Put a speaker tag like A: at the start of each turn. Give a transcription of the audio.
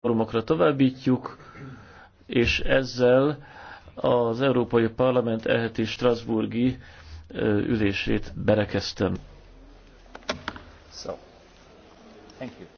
A: fórumokra továbbítjuk, és ezzel az Európai Parlament elheti Strasburgi ülését berekeztem. So,
B: thank you.